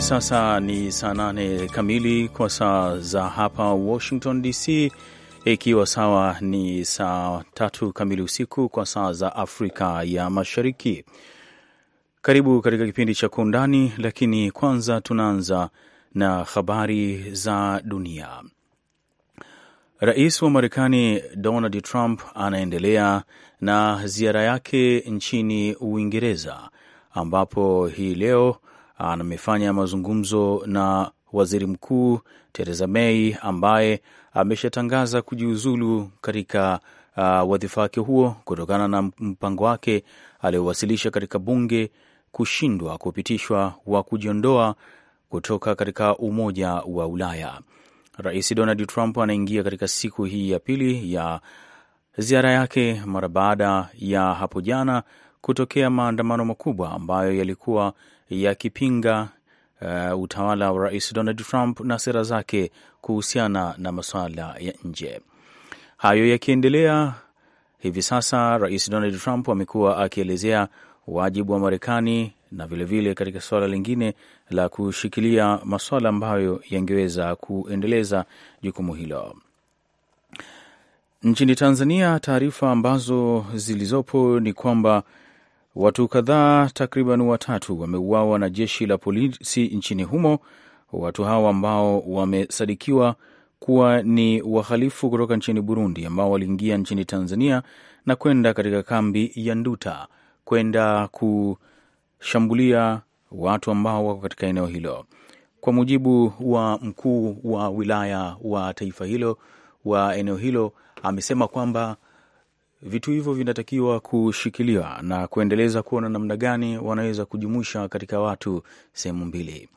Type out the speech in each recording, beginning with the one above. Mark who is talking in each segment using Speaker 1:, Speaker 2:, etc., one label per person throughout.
Speaker 1: hivi sasa ni saa nane kamili kwa saa za hapa Washington DC, ikiwa sawa ni saa tatu kamili usiku kwa saa za Afrika ya Mashariki. Karibu katika kipindi cha Kwa Undani, lakini kwanza tunaanza na habari za dunia. Rais wa Marekani Donald Trump anaendelea na ziara yake nchini Uingereza ambapo hii leo amefanya ah, mazungumzo na waziri mkuu Theresa May ambaye ameshatangaza kujiuzulu katika uh, wadhifa wake huo kutokana na mpango wake aliowasilisha katika bunge kushindwa kupitishwa wa kujiondoa kutoka katika Umoja wa Ulaya. Rais Donald Trump anaingia katika siku hii ya pili ya ziara yake mara baada ya hapo jana kutokea maandamano makubwa ambayo yalikuwa yakipinga uh, utawala wa Rais Donald Trump na sera zake kuhusiana na masuala ya nje. Hayo yakiendelea hivi sasa, Rais Donald Trump amekuwa akielezea wajibu wa Marekani na vilevile vile katika suala lingine la kushikilia masuala ambayo yangeweza kuendeleza jukumu hilo. Nchini Tanzania, taarifa ambazo zilizopo ni kwamba Watu kadhaa takriban watatu wameuawa na jeshi la polisi nchini humo. Watu hawa ambao wamesadikiwa kuwa ni wahalifu kutoka nchini Burundi ambao waliingia nchini Tanzania na kwenda katika kambi ya Nduta kwenda kushambulia watu ambao wako katika eneo hilo. Kwa mujibu wa mkuu wa wilaya wa taifa hilo wa eneo hilo amesema kwamba vitu hivyo vinatakiwa kushikiliwa na kuendeleza kuona namna gani wanaweza kujumuisha katika watu sehemu mbili.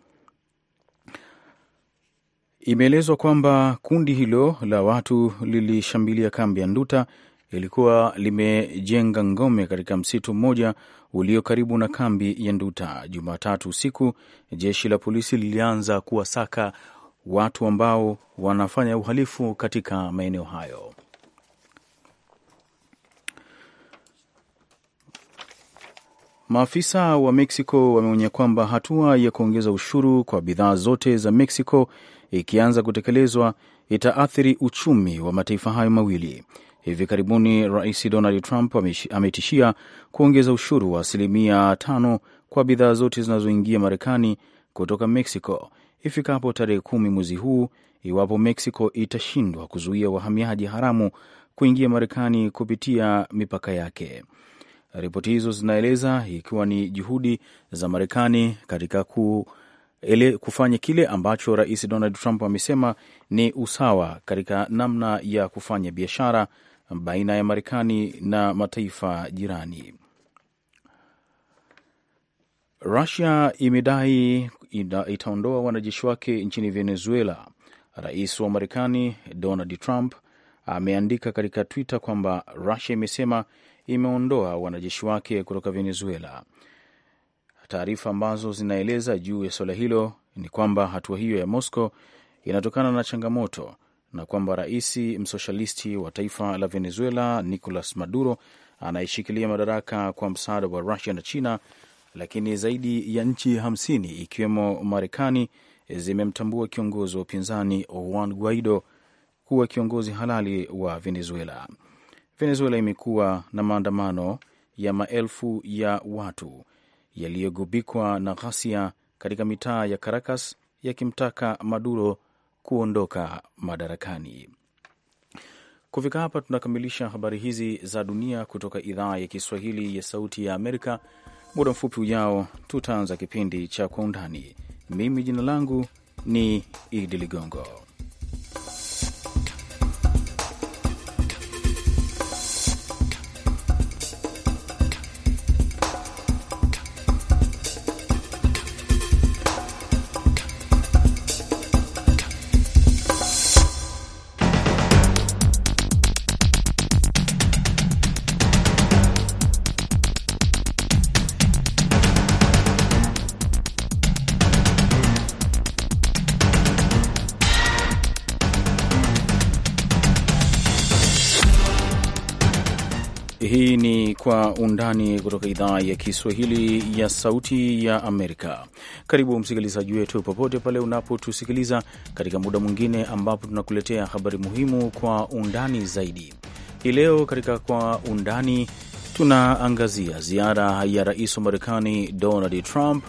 Speaker 1: Imeelezwa kwamba kundi hilo la watu lilishambilia kambi ya Nduta lilikuwa limejenga ngome katika msitu mmoja ulio karibu na kambi ya Nduta. Jumatatu usiku, jeshi la polisi lilianza kuwasaka watu ambao wanafanya uhalifu katika maeneo hayo. Maafisa wa Mexico wameonya kwamba hatua ya kuongeza ushuru kwa bidhaa zote za Mexico ikianza kutekelezwa itaathiri uchumi wa mataifa hayo mawili. Hivi karibuni Rais Donald Trump ametishia kuongeza ushuru wa asilimia tano kwa bidhaa zote zinazoingia Marekani kutoka Mexico ifikapo tarehe kumi mwezi huu, iwapo Mexico itashindwa kuzuia wahamiaji haramu kuingia Marekani kupitia mipaka yake. Ripoti hizo zinaeleza ikiwa ni juhudi za Marekani katika ku ele kufanya kile ambacho Rais Donald Trump amesema ni usawa katika namna ya kufanya biashara baina ya Marekani na mataifa jirani. Rusia imedai itaondoa wanajeshi wake nchini Venezuela. Rais wa Marekani Donald Trump ameandika katika Twitter kwamba Rusia imesema imeondoa wanajeshi wake kutoka Venezuela. Taarifa ambazo zinaeleza juu ya suala hilo ni kwamba hatua hiyo ya Moscow inatokana na changamoto na kwamba rais msoshalisti wa taifa la Venezuela Nicolas Maduro anayeshikilia madaraka kwa msaada wa Rusia na China, lakini zaidi ya nchi hamsini ikiwemo Marekani zimemtambua kiongozi wa upinzani Juan Guaido kuwa kiongozi halali wa Venezuela. Venezuela imekuwa na maandamano ya maelfu ya watu yaliyogubikwa na ghasia katika mitaa ya Caracas yakimtaka Maduro kuondoka madarakani. Kufika hapa tunakamilisha habari hizi za dunia kutoka idhaa ya Kiswahili ya Sauti ya Amerika. Muda mfupi ujao tutaanza kipindi cha Kwa Undani. Mimi jina langu ni Idi Ligongo. undani kutoka idhaa ya Kiswahili ya Sauti ya Amerika. Karibu msikilizaji wetu popote pale unapotusikiliza katika muda mwingine ambapo tunakuletea habari muhimu kwa undani zaidi. Hii leo katika kwa undani tunaangazia ziara ya rais wa Marekani Donald Trump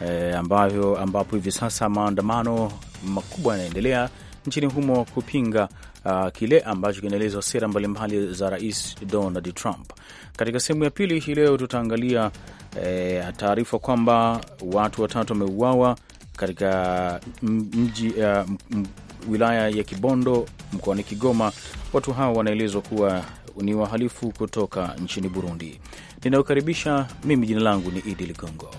Speaker 1: e, eh, ambayo ambapo hivi sasa maandamano makubwa yanaendelea nchini humo kupinga uh, kile ambacho kinaelezwa sera mbalimbali za Rais Donald Trump. Katika sehemu ya pili hii leo tutaangalia eh, taarifa kwamba watu watatu wameuawa katika mji uh, wilaya ya Kibondo mkoani Kigoma. Watu hawa wanaelezwa kuwa ni wahalifu kutoka nchini Burundi. ninaokaribisha mimi, jina langu ni Idi Ligongo.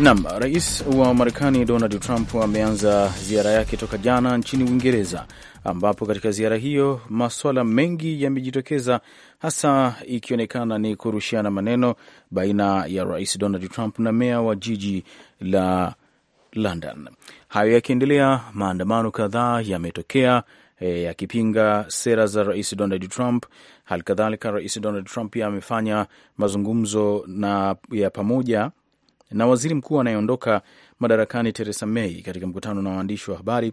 Speaker 1: Nam, rais wa Marekani Donald Trump ameanza ziara yake toka jana nchini Uingereza, ambapo katika ziara hiyo maswala mengi yamejitokeza, hasa ikionekana ni kurushiana maneno baina ya rais Donald Trump na meya wa jiji la London. Hayo yakiendelea, maandamano kadhaa yametokea e, yakipinga sera za rais Donald Trump. Halikadhalika, rais Donald Trump amefanya mazungumzo na ya pamoja na waziri mkuu anayeondoka madarakani Theresa May katika mkutano na waandishi wa habari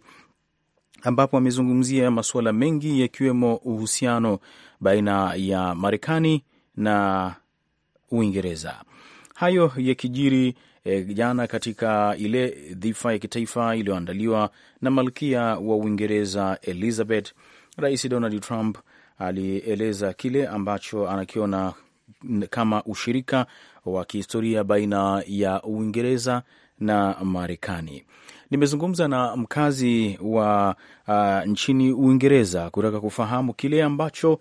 Speaker 1: ambapo amezungumzia masuala mengi yakiwemo uhusiano baina ya Marekani na Uingereza. Hayo yakijiri e, jana katika ile dhifa ya kitaifa iliyoandaliwa na malkia wa Uingereza Elizabeth, Rais Donald Trump alieleza kile ambacho anakiona kama ushirika wa kihistoria baina ya Uingereza na Marekani. Nimezungumza na mkazi wa uh, nchini Uingereza kutaka kufahamu kile ambacho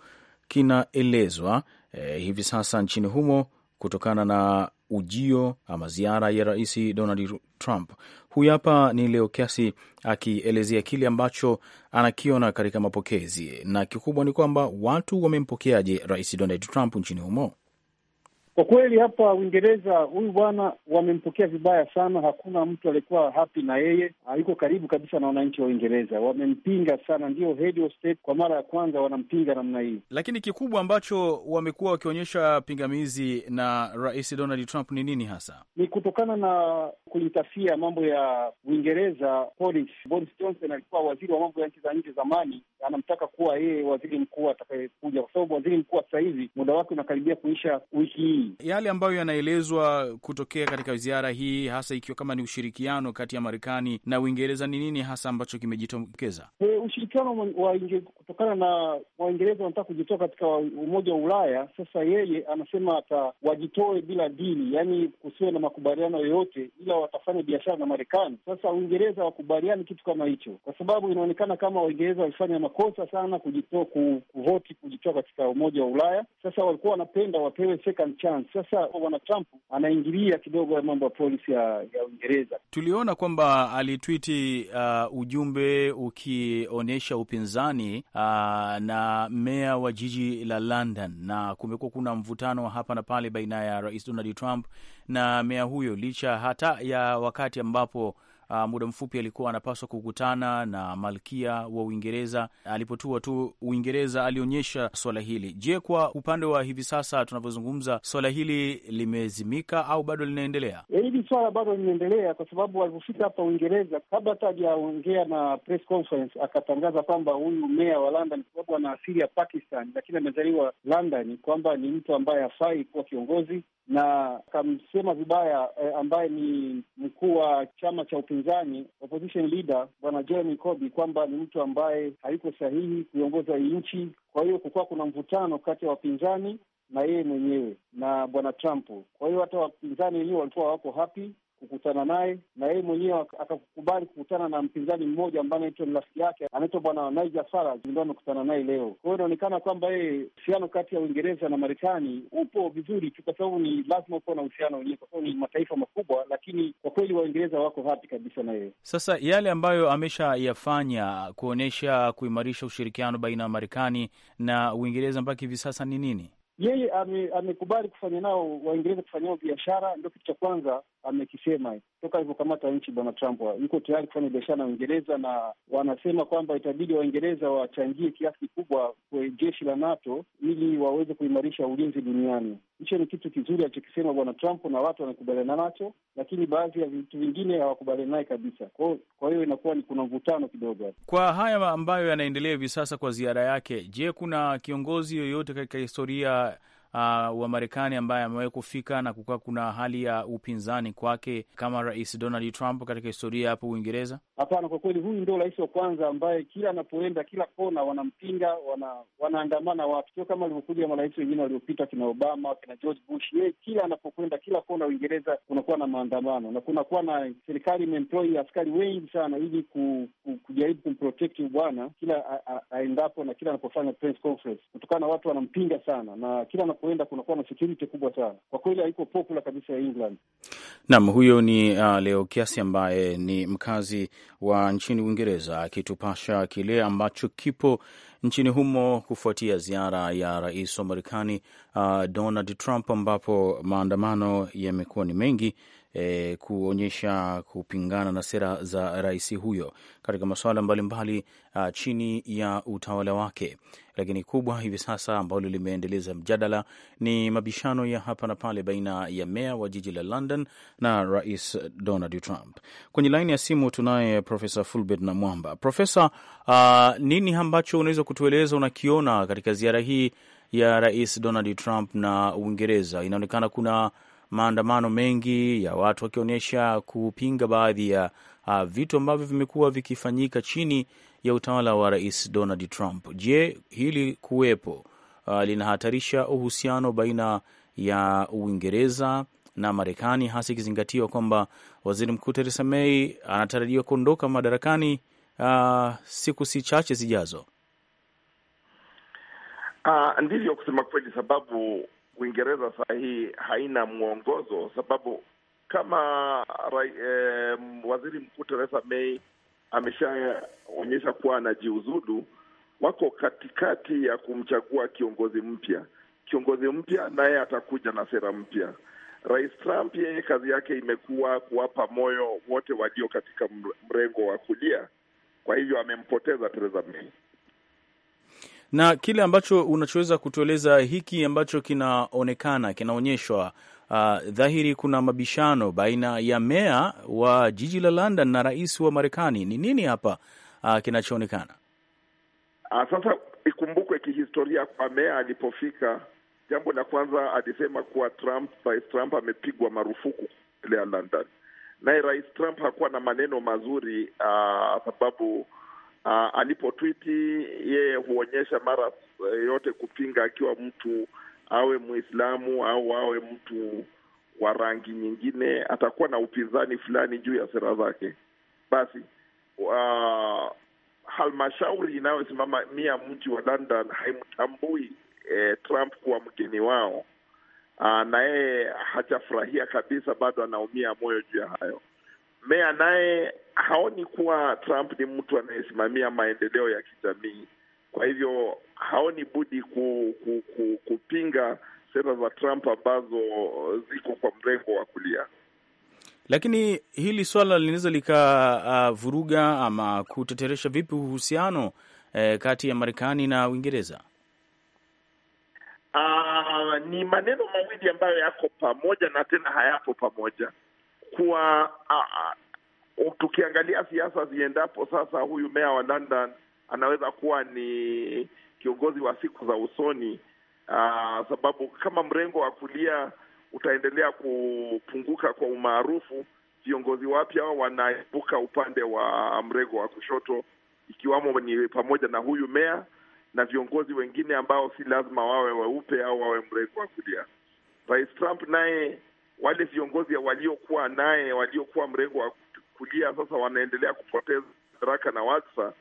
Speaker 1: kinaelezwa eh, hivi sasa nchini humo kutokana na ujio ama ziara ya Rais Donald Trump. Huyu hapa ni Leo Kiasi akielezea kile ambacho anakiona katika mapokezi, na kikubwa ni kwamba watu wamempokeaje Rais Donald Trump nchini humo.
Speaker 2: Kwa kweli hapa Uingereza huyu bwana wamempokea vibaya sana. Hakuna mtu aliyekuwa happy na yeye, yuko karibu kabisa na wananchi wa Uingereza, wamempinga sana. Ndio head of state kwa mara ya kwanza wanampinga namna hii,
Speaker 1: lakini kikubwa ambacho wamekuwa wakionyesha pingamizi na Rais Donald Trump ni nini hasa?
Speaker 2: Ni kutokana na kuitafia mambo ya Uingereza policy. Boris Johnson alikuwa waziri wa mambo ya nchi za nje zamani, anamtaka kuwa yeye waziri mkuu atakayekuja, kwa sababu waziri mkuu sasa hivi muda wake unakaribia kuisha wiki hii
Speaker 1: yale ambayo yanaelezwa kutokea katika ziara hii, hasa ikiwa kama ni ushirikiano kati ya Marekani na Uingereza, ni nini hasa ambacho kimejitokeza?
Speaker 2: E, ushirikiano wa inge, kutokana na Waingereza wanataka kujitoa katika umoja wa Ulaya. Sasa yeye anasema ata wajitoe bila dini yaani kusiwe na makubaliano yoyote, ila watafanya biashara na Marekani. Sasa Uingereza wakubaliani kitu kama hicho, kwa sababu inaonekana kama Waingereza walifanya makosa sana kujitoa, kuvoti kujitoa katika umoja wa Ulaya. Sasa walikuwa wanapenda wapewe second chance Iran. Sasa bwana Trump anaingilia kidogo mambo ya polisi ya Uingereza. Tuliona
Speaker 1: kwamba alitwiti uh, ujumbe ukionyesha upinzani uh, na meya wa jiji la London, na kumekuwa kuna mvutano hapa na pale baina ya Rais Donald Trump na meya huyo, licha hata ya wakati ambapo uh, muda mfupi alikuwa anapaswa kukutana na malkia wa Uingereza. Alipotua tu Uingereza alionyesha swala hili. Je, kwa upande wa hivi sasa tunavyozungumza, swala hili limezimika au bado linaendelea?
Speaker 2: Eh, hili swala bado linaendelea, kwa sababu alipofika hapa Uingereza, kabla hata hajaongea na press conference, akatangaza kwamba huyu meya wa London, kwa sababu ana asili ya Pakistan lakini amezaliwa London, kwamba ni mtu ambaye hafai kuwa kiongozi na akamsema vibaya eh, ambaye ni mkuu wa chama cha upinzani opposition leader bwana Jeremy Corbyn kwamba ni mtu ambaye hayuko sahihi kuiongoza hii nchi. Kwa hiyo kukuwa kuna mvutano kati ya wapinzani na yeye mwenyewe na bwana Trump. Kwa hiyo hata wapinzani wenyewe walikuwa wako happy kukutana naye na yeye mwenyewe akakubali kukutana na mpinzani mmoja ambaye anaitwa ni rafiki yake anaitwa bwana Nigel Farage, ndio amekutana naye leo. Kwa hiyo inaonekana kwamba yeye uhusiano kati ya Uingereza na Marekani upo vizuri tu, kwa sababu ni lazima ukuwa na uhusiano wenyewe, kwa sababu ni mataifa makubwa, lakini kwa kweli Waingereza wako hapi kabisa na yeye.
Speaker 1: Sasa yale ambayo amesha yafanya kuonyesha kuimarisha ushirikiano baina ya Marekani na Uingereza mpaka hivi sasa ni nini?
Speaker 2: yeye amekubali ame kufanya nao Waingereza kufanya nao biashara, ndio kitu cha kwanza amekisema toka alivyokamata nchi. Bwana Trump yuko tayari kufanya biashara na Uingereza, na wanasema kwamba itabidi Waingereza wachangie kiasi kikubwa kwe jeshi la NATO ili waweze kuimarisha ulinzi duniani. Hicho ni kitu kizuri alichokisema bwana Trump na watu wanakubaliana nacho, lakini baadhi ya vitu vingine hawakubaliani naye kabisa. Kwa hiyo inakuwa ni kuna mvutano kidogo
Speaker 1: kwa haya ambayo yanaendelea hivi sasa kwa ziara yake. Je, kuna kiongozi yoyote katika historia uh, wa Marekani ambaye amewahi kufika na kukaa, kuna hali ya upinzani kwake kama Rais Donald Trump katika historia hapo Uingereza?
Speaker 2: Hapana, kwa kweli huyu ndio rais wa kwanza ambaye kila anapoenda, kila kona wanampinga, wana, wanaandamana watu, sio kama alivyokuja marais wengine waliopita, kina Obama, kina George Bush. Yeye kila anapokwenda, kila kona Uingereza kunakuwa na maandamano na kunakuwa na serikali imemploi askari wengi sana ili ku, ku, kujaribu kumprotekti bwana kila aendapo na kila anapofanya press conference, kutokana na watu wanampinga sana na kila unakoenda kunakuwa na security kubwa sana. Kwa kweli haiko popular kabisa ya England.
Speaker 1: Naam, huyo ni uh, Leo Kiasi ambaye ni mkazi wa nchini Uingereza akitupasha kile ambacho kipo nchini humo kufuatia ziara ya rais wa Marekani uh, Donald Trump ambapo maandamano yamekuwa ni mengi e, kuonyesha kupingana na sera za rais huyo katika masuala mbalimbali mbali, chini ya utawala wake. Lakini kubwa hivi sasa ambalo limeendeleza mjadala ni mabishano ya hapa na pale baina ya meya wa jiji la London na rais Donald Trump. Kwenye laini ya simu tunaye Profesa Fulbert na Mwamba. Profesa, nini ambacho unaweza kutueleza unakiona katika ziara hii ya rais Donald Trump na Uingereza? Inaonekana kuna maandamano mengi ya watu wakionyesha kupinga baadhi ya uh, vitu ambavyo vimekuwa vikifanyika chini ya utawala wa Rais Donald Trump. Je, hili kuwepo uh, linahatarisha uhusiano baina ya Uingereza na Marekani, hasa ikizingatiwa kwamba waziri mkuu Theresa May anatarajiwa kuondoka madarakani uh, siku si chache zijazo?
Speaker 3: Uh, ndivyo kusema kweli, sababu Uingereza saa hii haina mwongozo, sababu kama eh, waziri mkuu Theresa May ameshaonyesha kuwa anajiuzudu, wako katikati ya kumchagua kiongozi mpya. Kiongozi mpya naye atakuja na sera mpya. Rais Trump yeye kazi yake imekuwa kuwapa moyo wote walio katika mrengo wa kulia, kwa hivyo amempoteza Theresa May
Speaker 1: na kile ambacho unachoweza kutueleza hiki ambacho kinaonekana kinaonyeshwa Uh, dhahiri kuna mabishano baina ya meya wa jiji la London na rais wa Marekani. Ni nini hapa uh, kinachoonekana
Speaker 3: uh? Sasa ikumbukwe kihistoria, kwa meya alipofika, jambo la kwanza alisema kuwa Trump, rais Trump amepigwa marufuku kutembelea London, naye rais Trump hakuwa na maneno mazuri uh, sababu uh, ah, alipotwiti yeye huonyesha mara eh, yote kupinga, akiwa mtu awe Muislamu au awe mtu wa rangi nyingine, atakuwa na upinzani fulani juu ya sera zake. Basi uh, halmashauri inayosimamia mji wa London haimtambui eh, Trump kuwa mgeni wao. Uh, na yeye hajafurahia kabisa, bado anaumia moyo juu ya hayo. Meya naye haoni kuwa Trump ni mtu anayesimamia maendeleo ya kijamii. Kwa hivyo haoni budi ku, ku, ku, kupinga sera za Trump ambazo ziko kwa mrengo wa kulia.
Speaker 1: Lakini hili swala linaweza likavuruga uh, ama kuteteresha vipi uhusiano eh, kati ya Marekani na Uingereza?
Speaker 3: Uh, ni maneno mawili ambayo yako pamoja na tena hayapo pamoja. Kwa uh, tukiangalia siasa ziendapo sasa, huyu meya wa London anaweza kuwa ni kiongozi wa siku za usoni, Aa, ah, sababu kama mrengo wa kulia utaendelea kupunguka kwa umaarufu, viongozi wapya wanaibuka upande wa mrengo wa kushoto, ikiwamo ni pamoja na huyu meya na viongozi wengine ambao si lazima wawe weupe au wawe mrengo wa kulia. Rais Trump naye, wale viongozi waliokuwa naye waliokuwa mrengo wa kulia sasa wanaendelea kupoteza madaraka na wadhifa.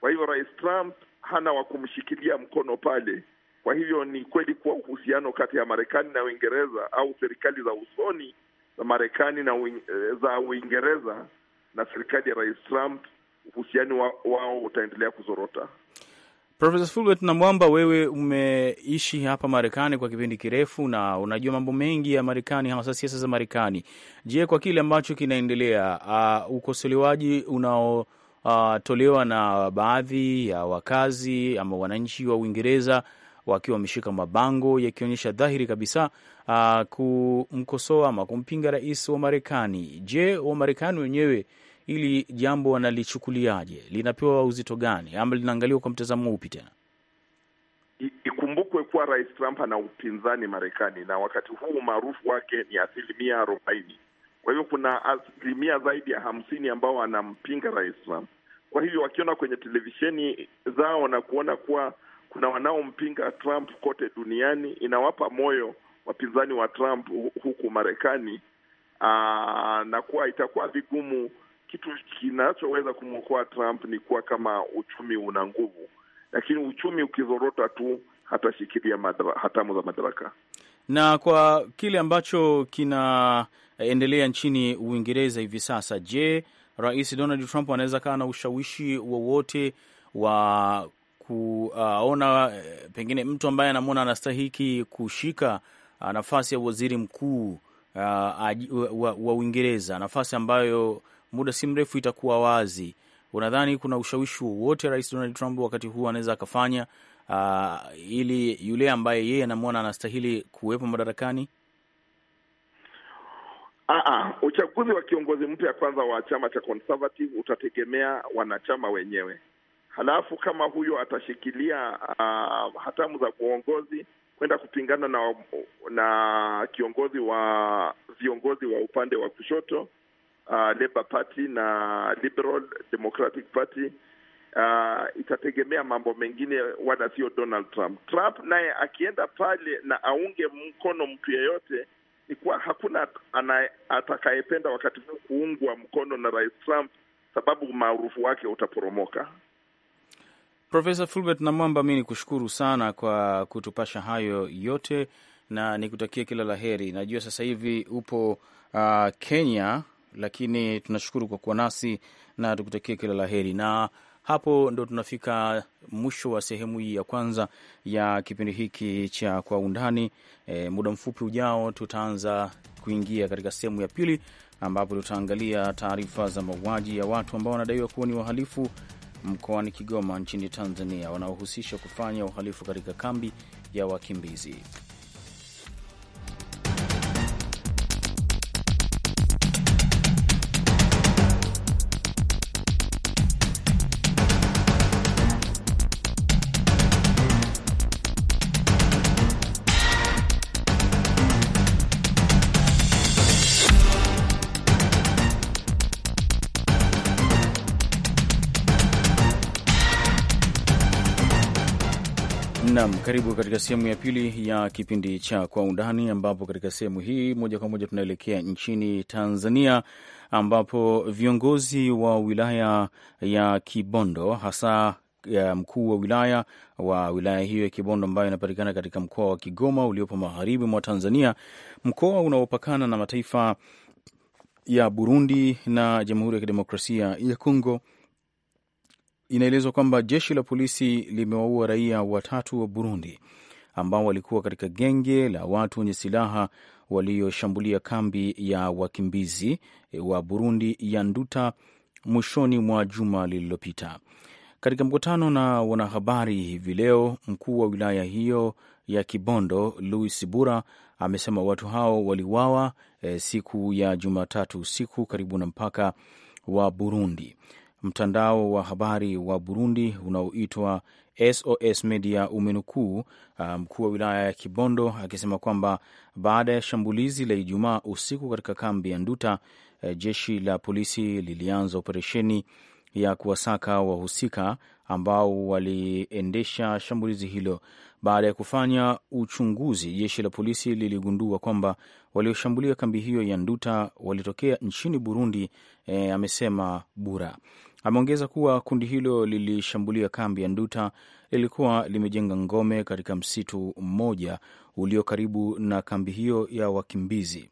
Speaker 3: Kwa hivyo Rais Trump hana wa kumshikilia mkono pale. Kwa hivyo ni kweli kuwa uhusiano kati ya Marekani na Uingereza au serikali za usoni za Marekani na uing, eh, za Uingereza na serikali ya Rais Trump uhusiano wao utaendelea kuzorota.
Speaker 1: Profesa Fulbert na Mwamba, wewe umeishi hapa Marekani kwa kipindi kirefu na unajua mambo mengi ya Marekani, hasa siasa za Marekani. Je, kwa kile ambacho kinaendelea, uh, ukosolewaji unaotolewa uh, na baadhi ya wakazi ama wananchi wa Uingereza wakiwa wameshika mabango yakionyesha dhahiri kabisa uh, kumkosoa ama kumpinga rais wa Marekani. Je, Wamarekani wenyewe ili jambo wanalichukuliaje, linapewa uzito gani, ama linaangaliwa kwa mtazamo upi? Tena
Speaker 3: ikumbukwe kuwa Rais Trump ana upinzani Marekani, na wakati huu umaarufu wake ni asilimia arobaini. Kwa hivyo kuna asilimia zaidi ya hamsini ambao wanampinga Rais Trump. Kwa hivyo wakiona kwenye televisheni zao na kuona kuwa kuna wanaompinga Trump kote duniani, inawapa moyo wapinzani wa Trump huku Marekani, na kuwa itakuwa vigumu kitu kinachoweza kumwokoa Trump ni kuwa kama uchumi una nguvu, lakini uchumi ukizorota tu hatashikilia hatamu za madaraka.
Speaker 1: Na kwa kile ambacho kinaendelea nchini Uingereza hivi sasa, je, Rais Donald Trump anaweza kaa na ushawishi wowote wa, wa kuona uh, eh, pengine mtu ambaye anamwona anastahiki kushika uh, nafasi ya waziri mkuu uh, wa Uingereza, nafasi ambayo muda si mrefu itakuwa wazi. Unadhani kuna ushawishi wowote Rais Donald Trump wakati huu anaweza akafanya uh, ili yule ambaye yeye anamwona anastahili kuwepo madarakani?
Speaker 3: Aa, ah, ah, uchaguzi wa kiongozi mpya kwanza wa chama cha Conservative utategemea wanachama wenyewe, halafu kama huyo atashikilia uh, hatamu za uongozi kwenda kupingana na, na kiongozi wa viongozi wa upande wa kushoto uh, Labour Party na Liberal Democratic Party. Uh, itategemea mambo mengine wala sio Donald Trump. Trump naye akienda pale na aunge mkono mtu yeyote, ni kuwa hakuna atakayependa wakati huu kuungwa mkono na Rais Trump, sababu umaarufu wake utaporomoka.
Speaker 1: Profesa Fulbert Namwamba, mi ni kushukuru sana kwa kutupasha hayo yote na nikutakia kila la heri. Najua sasa hivi upo uh, Kenya lakini tunashukuru kwa kuwa nasi na tukutakia kila la heri. Na hapo ndo tunafika mwisho wa sehemu hii ya kwanza ya kipindi hiki cha Kwa Undani. E, muda mfupi ujao tutaanza kuingia katika sehemu ya pili ambapo tutaangalia taarifa za mauaji ya watu ambao wanadaiwa kuwa ni wahalifu mkoani Kigoma nchini Tanzania, wanaohusisha kufanya uhalifu katika kambi ya wakimbizi. Nam, karibu katika sehemu ya pili ya kipindi cha Kwa Undani, ambapo katika sehemu hii moja kwa moja tunaelekea nchini Tanzania, ambapo viongozi wa wilaya ya Kibondo hasa mkuu wa wilaya wa wilaya hiyo ya Kibondo ambayo inapatikana katika mkoa wa Kigoma uliopo magharibi mwa Tanzania, mkoa unaopakana na mataifa ya Burundi na Jamhuri ya Kidemokrasia ya Kongo inaelezwa kwamba jeshi la polisi limewaua raia watatu wa Burundi ambao walikuwa katika genge la watu wenye silaha walioshambulia kambi ya wakimbizi wa Burundi ya Nduta mwishoni mwa juma lililopita. Katika mkutano na wanahabari hivi leo, mkuu wa wilaya hiyo ya Kibondo Louis Bura amesema watu hao waliwawa e, eh, siku ya Jumatatu usiku karibu na mpaka wa Burundi. Mtandao wa habari wa Burundi unaoitwa SOS Media umenukuu uh, mkuu um, wa wilaya ya Kibondo akisema kwamba baada ya shambulizi la Ijumaa usiku katika kambi ya Nduta, uh, jeshi la polisi lilianza operesheni ya kuwasaka wahusika ambao waliendesha shambulizi hilo. Baada ya kufanya uchunguzi, jeshi la polisi liligundua kwamba walioshambulia kambi hiyo ya Nduta walitokea nchini Burundi, e, amesema Bura. Ameongeza kuwa kundi hilo lilishambulia kambi ya Nduta lilikuwa limejenga ngome katika msitu mmoja ulio karibu na kambi hiyo ya wakimbizi.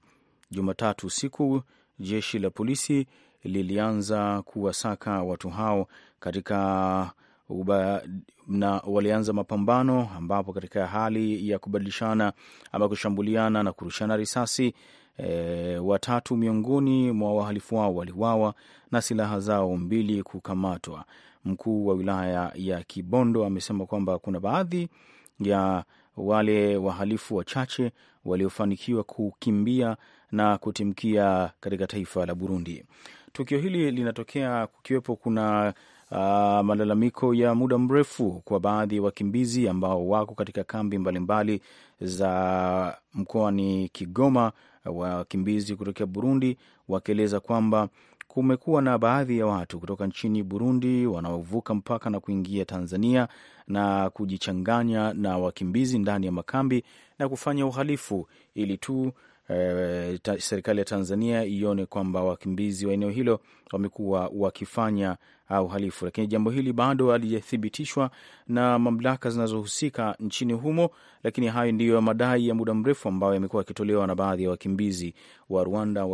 Speaker 1: Jumatatu usiku jeshi la polisi lilianza kuwasaka watu hao katika uba, na walianza mapambano ambapo katika hali ya kubadilishana ama kushambuliana na kurushana risasi E, watatu miongoni mwa wahalifu wao waliwawa na silaha zao mbili kukamatwa. Mkuu wa wilaya ya Kibondo amesema kwamba kuna baadhi ya wale wahalifu wachache waliofanikiwa kukimbia na kutimkia katika taifa la Burundi. Tukio hili linatokea kukiwepo kuna uh, malalamiko ya muda mrefu kwa baadhi ya wakimbizi ambao wako katika kambi mbalimbali mbali za mkoani Kigoma, wakimbizi kutokea Burundi wakieleza kwamba kumekuwa na baadhi ya watu kutoka nchini Burundi wanaovuka mpaka na kuingia Tanzania na kujichanganya na wakimbizi ndani ya makambi na kufanya uhalifu ili tu Eh, ta, serikali ya Tanzania ione kwamba wakimbizi wa eneo hilo wamekuwa wakifanya ah, uhalifu, lakini jambo hili bado halijathibitishwa na mamlaka zinazohusika nchini humo. Lakini hayo ndiyo madai ya muda mrefu ambayo yamekuwa yakitolewa na baadhi ya wakimbizi wa Rwanda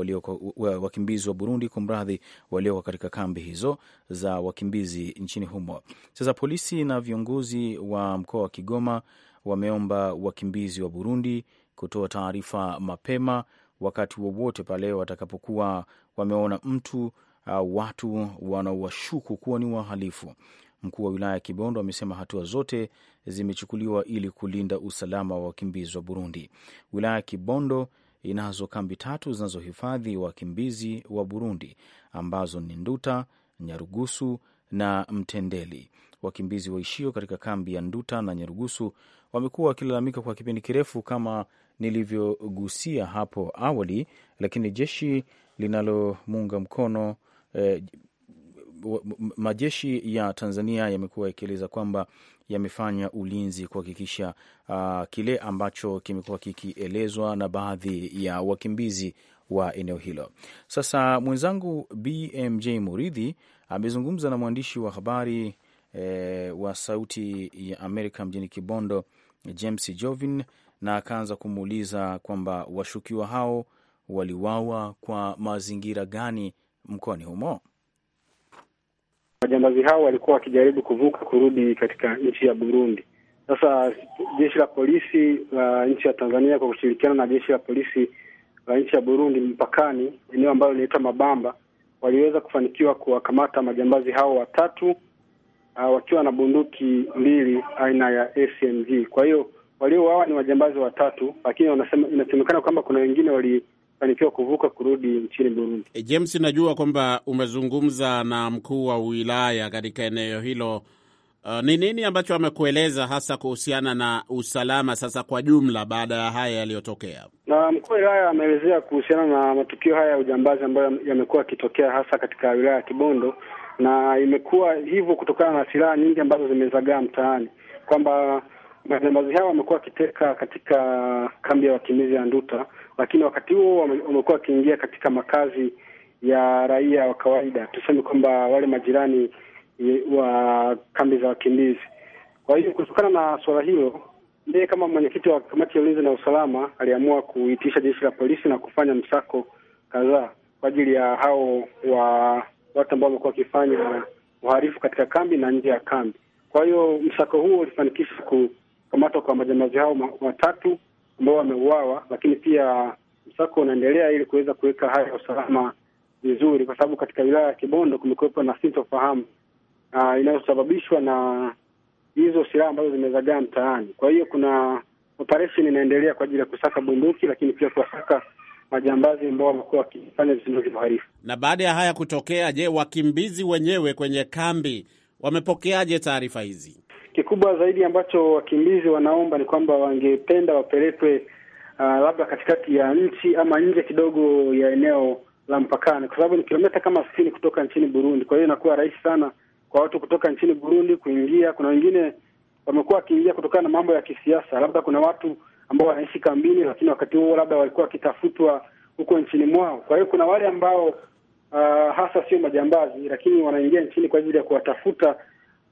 Speaker 1: wakimbizi wa Burundi, kumradhi, walioko katika kambi hizo za wakimbizi nchini humo. Sasa polisi na viongozi wa mkoa wa Kigoma wameomba wakimbizi wa Burundi kutoa taarifa mapema wakati wowote pale watakapokuwa wameona mtu au watu wanaowashuku kuwa ni wahalifu. Mkuu wa wilaya ya Kibondo amesema hatua zote zimechukuliwa ili kulinda usalama wa wakimbizi wa Burundi. Wilaya ya Kibondo inazo kambi tatu zinazohifadhi wakimbizi wa Burundi ambazo ni Nduta, Nyarugusu na Mtendeli. Wakimbizi waishio katika kambi ya Nduta na Nyarugusu wamekuwa wakilalamika kwa kipindi kirefu kama nilivyogusia hapo awali, lakini jeshi linalomuunga mkono eh, majeshi ya Tanzania yamekuwa yakieleza kwamba yamefanya ulinzi kuhakikisha uh, kile ambacho kimekuwa kikielezwa na baadhi ya wakimbizi wa eneo hilo. Sasa mwenzangu BMJ Muridhi amezungumza na mwandishi wa habari eh, wa Sauti ya Amerika mjini Kibondo James Jovin na akaanza kumuuliza kwamba washukiwa hao waliwawa kwa mazingira gani mkoani humo.
Speaker 2: Wajambazi hao walikuwa wakijaribu kuvuka kurudi katika nchi ya Burundi. Sasa jeshi la polisi la nchi ya Tanzania kwa kushirikiana na jeshi la polisi la nchi ya Burundi mpakani, eneo ambalo linaitwa Mabamba, waliweza kufanikiwa kuwakamata majambazi hao watatu uh, wakiwa na bunduki mbili aina ya SMG. Kwa hiyo waliouawa ni wajambazi watatu, lakini wanasema, inasemekana kwamba kuna wengine walifanikiwa kuvuka kurudi nchini Burundi.
Speaker 4: E, James, najua kwamba umezungumza na mkuu wa wilaya katika eneo hilo. Uh, ni uh, nini ambacho amekueleza hasa kuhusiana na usalama sasa kwa jumla baada ya haya yaliyotokea?
Speaker 2: Na mkuu wa wilaya ameelezea kuhusiana na matukio haya ya ujambazi ambayo yamekuwa yakitokea hasa katika wilaya ya Kibondo, na imekuwa hivyo kutokana na silaha nyingi ambazo zimezagaa mtaani, kwamba majambazi hao wamekuwa wakiteka katika kambi ya wakimbizi ya Nduta, lakini wakati huo wamekuwa wakiingia katika makazi ya raia wa kawaida, tuseme kwamba wale majirani wa kambi za wakimbizi. Kwa hiyo kutokana na suala hilo, ndiye kama mwenyekiti wa kamati ya ulinzi na usalama aliamua kuitisha jeshi la polisi na kufanya msako kadhaa kwa ajili ya hao wa watu ambao wamekuwa wakifanya uhalifu katika kambi na nje ya kambi. Kwa hiyo msako huo ulifanikisha kukamatwa kwa majambazi hao watatu ambao wameuawa, lakini pia msako unaendelea ili kuweza kuweka hali ya usalama vizuri, kwa sababu katika wilaya ya Kibondo kumekuwepo na sintofahamu uh, inayosababishwa na hizo silaha ambazo zimezagaa mtaani. Kwa hiyo kuna operesheni inaendelea kwa ajili ya kusaka bunduki, lakini pia kuwasaka majambazi ambao wamekuwa wakifanya vitendo vya uhalifu.
Speaker 4: Na baada ya haya kutokea, je, wakimbizi wenyewe kwenye kambi wamepokeaje taarifa hizi?
Speaker 2: Kikubwa zaidi ambacho wakimbizi wanaomba ni kwamba wangependa wapelekwe uh, labda katikati ya nchi ama nje kidogo ya eneo la mpakani, kwa sababu ni kilometa kama sitini kutoka nchini Burundi. Kwa hiyo inakuwa rahisi sana kwa watu kutoka nchini Burundi kuingia. Kuna wengine wamekuwa wakiingia kutokana na mambo ya kisiasa, labda kuna watu ambao wanaishi kambini, lakini wakati huo labda walikuwa wakitafutwa huko nchini mwao. Kwa hiyo kuna wale ambao uh, hasa sio majambazi, lakini wanaingia nchini kwa ajili ya kuwatafuta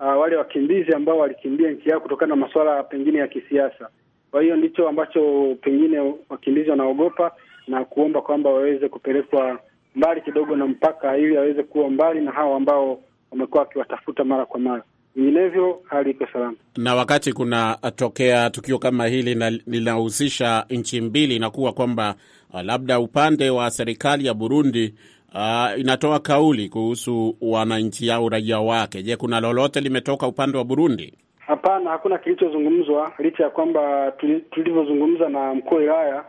Speaker 2: uh, wale wakimbizi ambao walikimbia nchi yao kutokana na masuala pengine ya kisiasa. Kwa hiyo ndicho ambacho pengine wakimbizi wanaogopa na kuomba kwamba waweze kupelekwa mbali kidogo na mpaka, ili waweze kuwa mbali na hao ambao wamekuwa wakiwatafuta mara kwa mara vinginevyo hali iko salama.
Speaker 4: Na wakati kuna tokea tukio kama hili na linahusisha nchi mbili, inakuwa kwamba uh, labda upande wa serikali ya Burundi uh, inatoa kauli kuhusu wananchi au raia wake. Je, kuna lolote limetoka upande wa Burundi?
Speaker 2: Hapana, hakuna kilichozungumzwa, licha ya kwamba tulivyozungumza na mkuu wa wilaya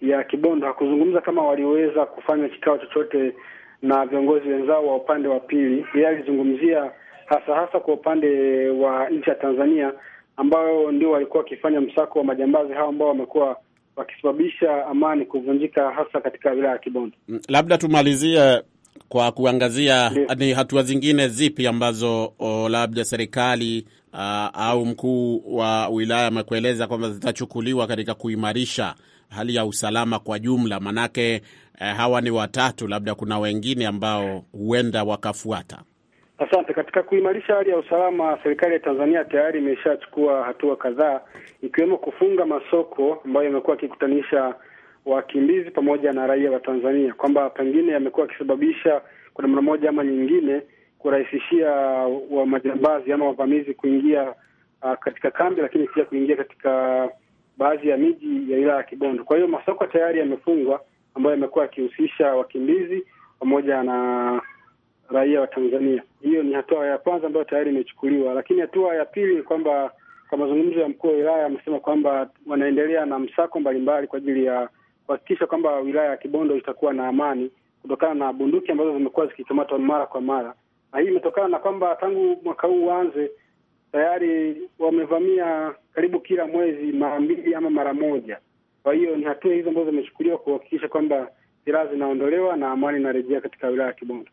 Speaker 2: ya Kibondo hakuzungumza kama waliweza kufanya kikao chochote na viongozi wenzao wa upande wa pili. Yeye alizungumzia hasa hasa kwa upande wa nchi ya Tanzania, ambayo ndio walikuwa wakifanya msako wa majambazi hao ambao wamekuwa wakisababisha amani kuvunjika hasa katika wilaya ya Kibondo.
Speaker 4: Mm, labda tumalizie kwa kuangazia ni hatua zingine zipi ambazo o, labda serikali uh, au mkuu wa wilaya amekueleza kwamba zitachukuliwa katika kuimarisha hali ya usalama kwa jumla, manake eh, hawa ni watatu, labda kuna wengine ambao huenda wakafuata.
Speaker 2: Asante. Katika kuimarisha hali ya usalama, serikali ya Tanzania tayari imeshachukua hatua kadhaa, ikiwemo kufunga masoko ambayo yamekuwa yakikutanisha wakimbizi pamoja na raia wa Tanzania, kwamba pengine yamekuwa yakisababisha kwa namna moja ama nyingine kurahisishia wa majambazi ama wavamizi kuingia uh, katika kambi, lakini pia kuingia katika baadhi ya miji ya wilaya ya Kibondo. Kwa hiyo masoko tayari yamefungwa ambayo yamekuwa yakihusisha wakimbizi pamoja na raia wa Tanzania. Hiyo ni hatua ya kwanza ambayo tayari imechukuliwa, lakini hatua ya pili ni kwamba kwa mazungumzo ya mkuu wa wilaya amesema kwamba wanaendelea na msako mbalimbali kwa ajili ya kuhakikisha kwamba wilaya ya Kibondo itakuwa na amani kutokana na bunduki ambazo zimekuwa zikikamatwa mara kwa mara, na hii imetokana na kwamba tangu mwaka huu uanze tayari wamevamia karibu kila mwezi mara mbili ama mara moja. Kwa hiyo ni hatua hizo ambazo zimechukuliwa kuhakikisha kwamba silaha zinaondolewa na amani inarejea katika wilaya ya Kibondo.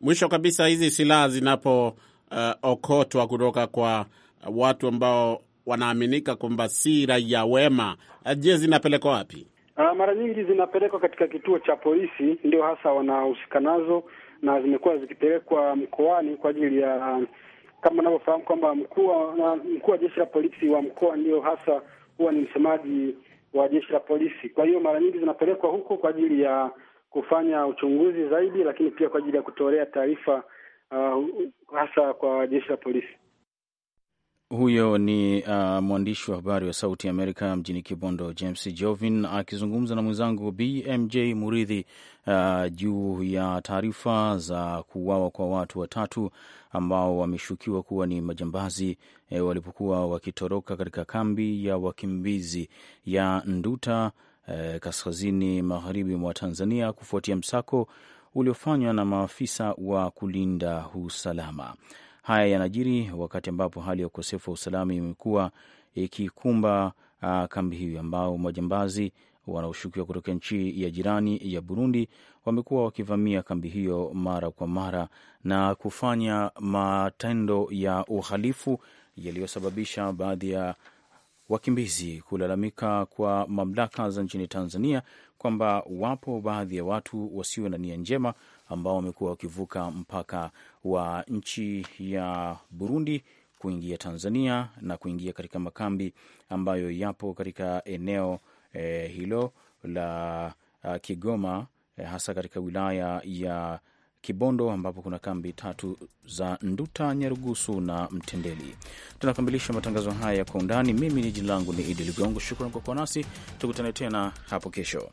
Speaker 4: Mwisho kabisa, hizi silaha zinapookotwa eh, uh, kutoka kwa watu ambao wanaaminika kwamba si raia wema, eh, je, zinapelekwa wapi?
Speaker 2: Uh, mara nyingi zinapelekwa katika kituo cha polisi, ndio hasa wanahusika nazo, na zimekuwa zikipelekwa mkoani kwa ajili ya kama unavyofahamu kwamba mkuu mkuu wa jeshi la polisi wa mkoa ndio hasa huwa ni msemaji wa jeshi la polisi. Kwa hiyo mara nyingi zinapelekwa huko kwa ajili ya kufanya uchunguzi zaidi, lakini pia kwa ajili ya kutolea taarifa uh, hasa kwa jeshi la polisi.
Speaker 1: Huyo ni uh, mwandishi wa habari wa Sauti ya Amerika mjini Kibondo, James Jovin akizungumza na mwenzangu BMJ Muridhi uh, juu ya taarifa za kuuawa kwa watu watatu ambao wameshukiwa kuwa ni majambazi eh, walipokuwa wakitoroka katika kambi ya wakimbizi ya Nduta Eh, kaskazini magharibi mwa Tanzania kufuatia msako uliofanywa na maafisa wa kulinda usalama. Haya yanajiri wakati ambapo hali ya ukosefu wa usalama imekuwa ikikumba uh, kambi hiyo, ambao majambazi wanaoshukiwa kutoka nchi ya jirani ya Burundi wamekuwa wakivamia kambi hiyo mara kwa mara na kufanya matendo ya uhalifu yaliyosababisha baadhi ya wakimbizi kulalamika kwa mamlaka za nchini Tanzania kwamba wapo baadhi ya watu wasio na nia njema ambao wamekuwa wakivuka mpaka wa nchi ya Burundi kuingia Tanzania na kuingia katika makambi ambayo yapo katika eneo eh, hilo la uh, Kigoma eh, hasa katika wilaya ya Kibondo, ambapo kuna kambi tatu za Nduta, Nyarugusu na Mtendeli. Tunakamilisha matangazo haya kwa undani. Mimi ni jina langu ni Idi Ligongo, shukran kwa kuwa nasi, tukutane tena hapo kesho.